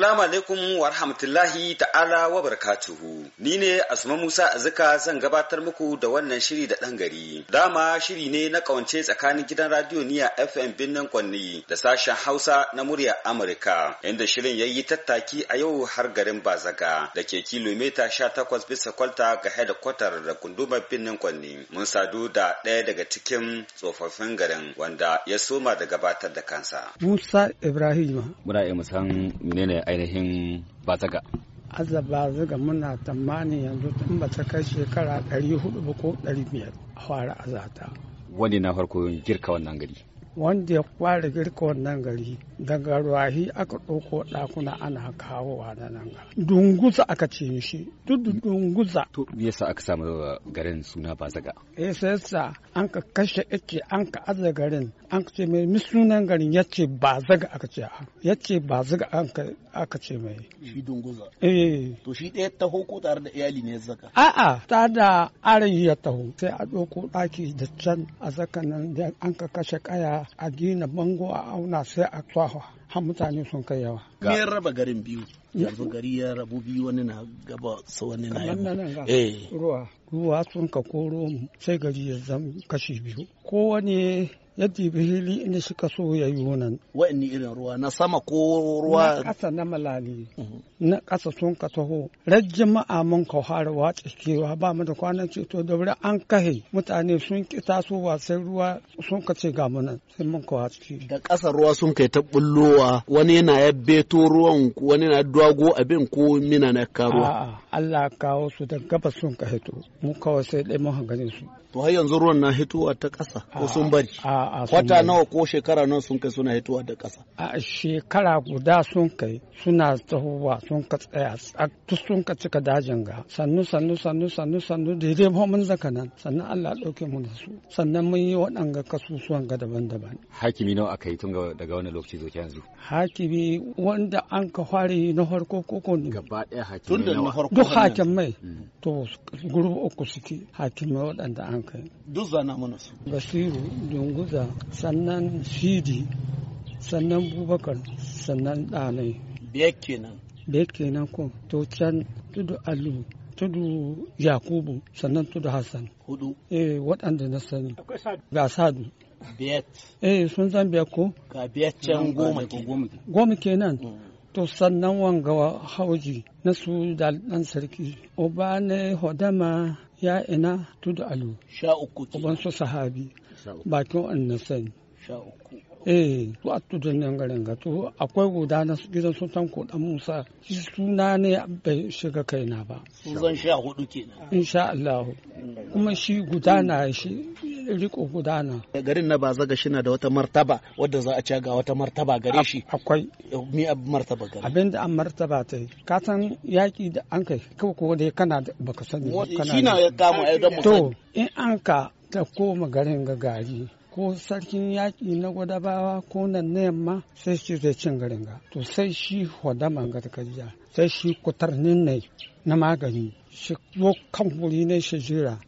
Assalamu alaikum wa rahmatullahi ta'ala wa barakatuhu. Ni ne Asma Musa Azuka zan gabatar muku da wannan shiri da ɗan gari. Dama shiri ne na kawance tsakanin gidan radiyo niya FM binnan Kwanni da sashen Hausa na murya Amurka, inda shirin ya yi tattaki a yau har garin Bazaga da ke kilomita sha takwas bisa kwalta ga kwatar da gundumar binnan Kwanni. Mun sadu da ɗaya daga cikin tsofaffin garin wanda ya soma da gabatar da kansa. Musa Ibrahim. Muna iya musan ainihin bazaga azza bazaga muna tamani yanzu tun ba ta kai shekara 400 ko 500 a fara azata wani na farko girka wannan gari wanda ya kware girka wannan gari daga ruwahi aka ɗauko ɗakuna ana kawowa na nan dunguza aka ce mishi duk dunguza to me yasa aka samu garin suna bazaga zaga eh sai an ka kashe ake an ka aza garin an ka ce mai sunan garin yace ba zaga aka ce yace ba zaga an ka aka ce mai shi dunguza eh to shi ɗaya taho ko tare da iyali ne zaka a'a ta da arayi ya taho sai a ɗauko ɗaki da can a zaka nan an ka kashe kaya sa a gina bango a auna sai a tsawa har mutane sun kai yawa. Me raba garin biyu? Yanzu gari ya rabu biyu wani na gaba su wani na yi. Eh. Ruwa. Ruwa sun ka koro sai gari ya zama kashi biyu. Kowane ya dibi hili inda shi so ya yi wunan Wa'anni irin ruwa na sama ko ruwa? Na ƙasa na malali. Mhm. Na ƙasa sun ka taho. Rajin ma'a mun ka fara ba mu da kwanan ceto da wuri an kahe mutane sun ki wa sai ruwa sun ka ce ga mu nan sai mun kawo ciki Da kasa ruwa sun kai ta bullowa wani yana ya beto ruwan wani na dwago abin ko mina na karuwa. A'a Allah kawo su da gabas sun ka hito mu kawai sai ɗaya mun hangane su. To har yanzu ruwan na hitowa ta ƙasa ko sun bari? wata nawa ko shekara nan sun kai suna hitowa da ƙasa a shekara guda sun kai suna tahowa sun ka tsaya duk sun ka cika dajin ga sannu sannu sannu sannu sannu dai ba mun zaka nan sannan Allah dauke mu da su sannan mun yi waɗanga kasusuwan ga daban-daban hakimi nawa aka yi tun daga wani lokaci zo yanzu hakimi wanda an ka yi na farko ko ko gaba ɗaya hakimi farko duk hakimai mm. to guru uku suke hakimai waɗanda an kai duk zana mana su basiru dunguza Musa sannan Fidi sannan Bubakar sannan Ɗanai. Biyar kenan. Biyar kenan ko to can tudu Alu tudu Yakubu sannan tudu Hassan. Hudu. Eh waɗanda na sani. Ga Sadu. Biyar. Eh sun san biyar ko? Ga biyar can goma kenan. Goma kenan. Mm. to sannan wanga hauji na su da ɗan sarki Obane hodama ya ina tudu alu sha uku uban su sahabi bakin wanda sani eh to a tudun nan garin ga to akwai guda na gidan sultan ko dan Musa shi suna ne bai shiga kaina ba sun sha hudu kenan insha Allah kuma shi na shi riko na. garin na zaga shi na da wata martaba wadda za a ci ga wata martaba gare shi akwai mi martaba gare abinda an martaba ta yi ka san yaki da an kai ko ko da kana baka sani kana shi na ya kama ai dan mu to in an ka ta koma garin ga gari ko sarkin yaƙi na gwadabawa ko nan na yamma sai shi zai cin garin ga to sai shi hodaman gargajiya sai shi kutar ne na magani shikwo kan wuri ne shi jira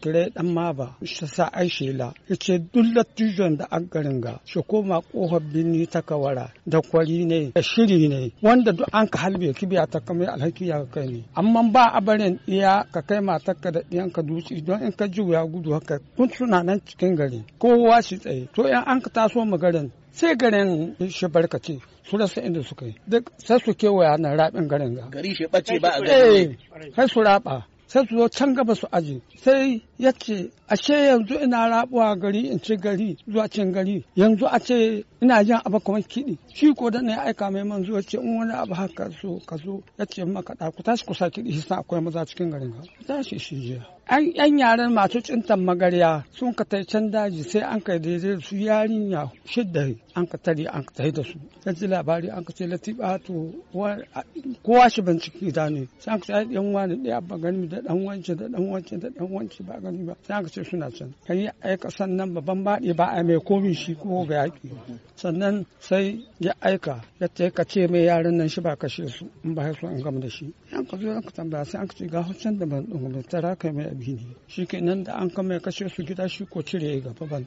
kire dan maba shi sa ai shela yace duk latijon da an garin ga shi koma kohar birni ta kawara da kwari ne da shiri ne wanda duk an ka halbe biya ta kamar alhaki ya kai ne amma ba a barin iya ka kai matarka da ɗiyanka dutse don in ka wuya gudu haka kun suna nan cikin gari kowa shi tsaye to y'an an ka taso magarin sai garin shi barkaci su rasa inda suka yi duk sai su kewaya na rabin garin ga gari shi bace ba a eh, gari su raba sai su zo can gaba su aji sai ya ce ashe yanzu ina rabuwa gari in ci gari zuwa cin gari yanzu a ce ina jan abu kamar kiɗi shi ko da na aika mai manzo ya ce in wani abu haka so ka zo ya ce maka da tashi ku sa kiɗi shi akwai maza cikin garin ka tashi shi jiya an yan yaran masu cintan magarya sun ka tai can daji sai an ka daidai su yarinya shidda an ka tare an ka tai da su sai ji labari an ka ce latifa to kowa shi bincike da ne sai an ka ce yan wani ɗaya ba da dan wance da dan wance da dan wance ba gani ba sai aka ce suna can kai aika sannan babban baɗi ba a mai komi shi ko ga yaƙi sannan sai ya aika ya ce ka ce mai yaran nan shi ba she su in ba su an gama da shi yan ka zo ka tambaya sai an ce ga hausan da ban dan mai tara kai mai abini ne shi nan da an kama ya kashe su gida shi ko cire ya gaba ban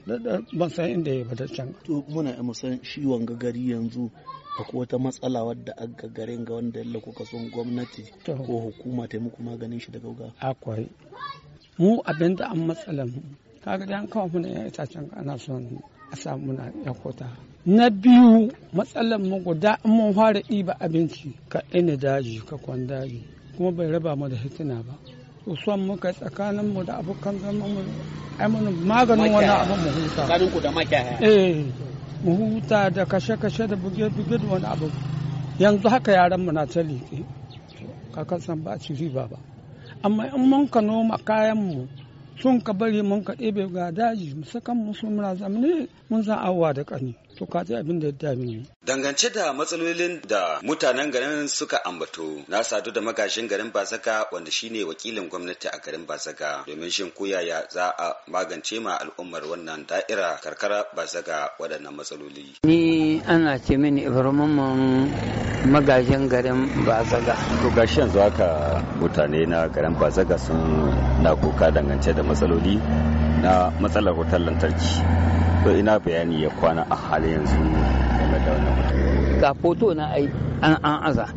ban san inda ya bada can. to muna a musan shi wanga gari yanzu akwai wata matsala wadda a gagarin ga wanda yalla kuka son gwamnati ko hukuma ta muku maganin shi da gauga akwai mu abin da an matsala mu kaga dan kawo mu ne itacen ana son a samu na kota na biyu matsalar mu guda in mun fara ɗiba abinci ka ina daji ka kwan daji kuma bai raba mu da hitina ba to son kai tsakanin mu da abokan zaman mu ai maganin wani abu mu huta ku da makiyaya eh mu huta da kashe-kashe da buge-buge da wani abu yanzu haka yaran mu na ta liƙe ka san ba ci riba ba amma in mun ka noma kayan mu sun ka bari mun ka ɗebe ga daji mu sakan mu sun zamani mun san awwa da ƙani to ka ji abin da ya dami dangance da matsalolin da mutanen garin suka ambato na sadu da magashin garin basaka wanda shine wakilin gwamnati a garin basaka domin shin yaya za a magance ma al'ummar wannan da'ira karkara basaka waɗannan matsaloli ni ana ce mini ibrahim magajin garin bazaga to gashi yanzu haka mutane na garin bazaga sun na kuka dangance da matsaloli na matsalar wutar lantarki to ina bayani ya kwana a halin yanzu game da wannan ga foto na ai an an aza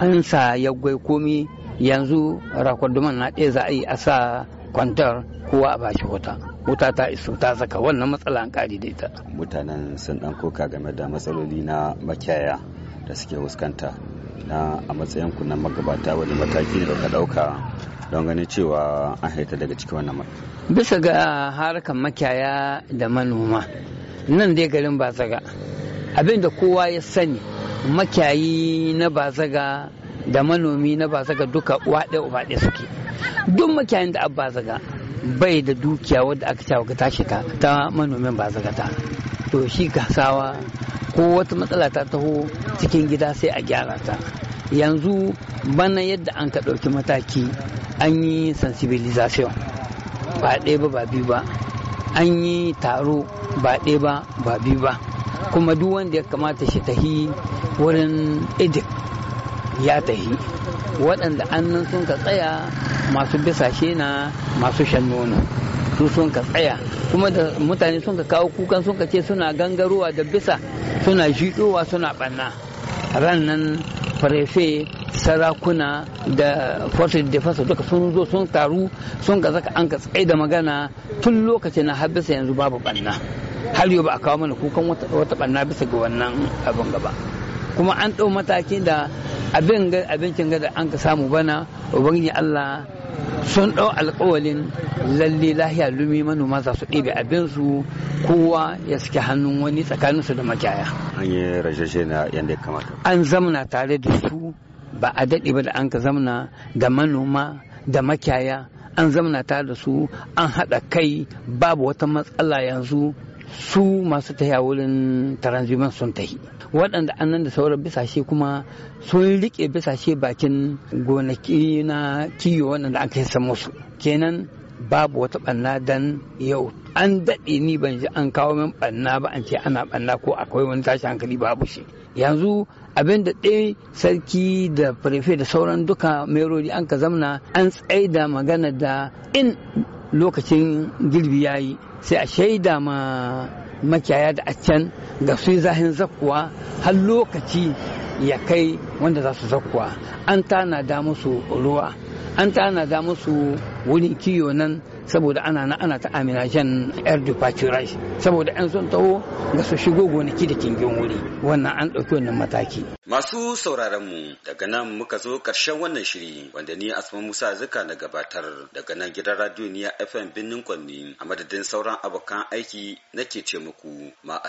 an sa ya gwai komi yanzu rakwaduman na ɗaya za a yi a sa kwantar kowa a bashi wuta wuta ta iso ta saka wannan matsala an kari da ita mutanen sun dan koka game da matsaloli na makiyaya da suke fuskanta na a matsayin ku na magabata wani mataki da ka ɗauka don gani cewa an haita daga cikin wannan mata. bisa ga harkar makiyaya da manoma nan dai garin bazaga abinda kowa ya sani makiyayi na bazaga da manomi na bazaga duka waɗe waɗe suke duk makiyayin da abu bazaga bai da dukiya wadda aka cewa ka tashi ta ta manomin bazaga ta to shi gasawa ko wata matsala ta taho cikin gida sai a gyara ta yanzu bana yadda an ka ɗauki mataki an yi sensibilisation ba ɗaya ba ba biyu ba an yi taro ba ɗaya ba ba biyu ba kuma duk wanda ya kamata shi tahi wurin edik ya tahi waɗanda annan sun ka tsaya masu bisa na masu shan nono su sun ka tsaya kuma da mutane sun ka kawo kukan sun ka ce suna gangarowa da bisa suna jiɗowa suna ɓanna ran nan farefe sarakuna da force de defense duka sun zo sun taru sun ka zaka an ka tsaye da magana tun lokacin na bisa yanzu babu banna har yau ba a kawo mana kukan wata banna bisa ga wannan abin gaba kuma an ɗau matakin da abin abincin gada an ka samu bana ubangiji Allah sun ɗau alƙawalin lalle lahiya lumi manoma za su ɗebe abinsu kowa ya suke hannun wani tsakaninsu da makiyaya an yi rajashe na yadda ya kamata an zamana tare da su ba a daɗe ba da an ka zamna da manoma da makiyaya an zamna ta da su an haɗa kai babu wata matsala yanzu su masu taya wurin taranziman sun tahi waɗanda an nan da sauran bisashe kuma sun riƙe bisashe bakin gonaki na kiyo an aka yi musu kenan babu wata banna dan yau an daɗe ni ban ji an kawo min banna ba an ce ana banna ko akwai wani tashi hankali babu shi yanzu abin da ɗaya sarki da prefe da sauran duka merori an ka zamna an da magana da in lokacin girbi ya yi sai a shaida ma makiyaya da a can ga su zahin zakuwa har lokaci ya kai wanda za su zakuwa an tana da musu ruwa an tana tanada musu wurin kiyo nan saboda ana na ana ta amina jan yar dupaturai saboda yan sun taho ga su shigo gonaki da kingin wuri wannan an ɗauki wannan mataki. masu sauraron mu daga nan muka zo ƙarshen wannan shiri wanda ni asma musa zuka na gabatar daga nan gidan radio niya fm birnin kwanni a madadin sauran abokan aiki nake ce muku ma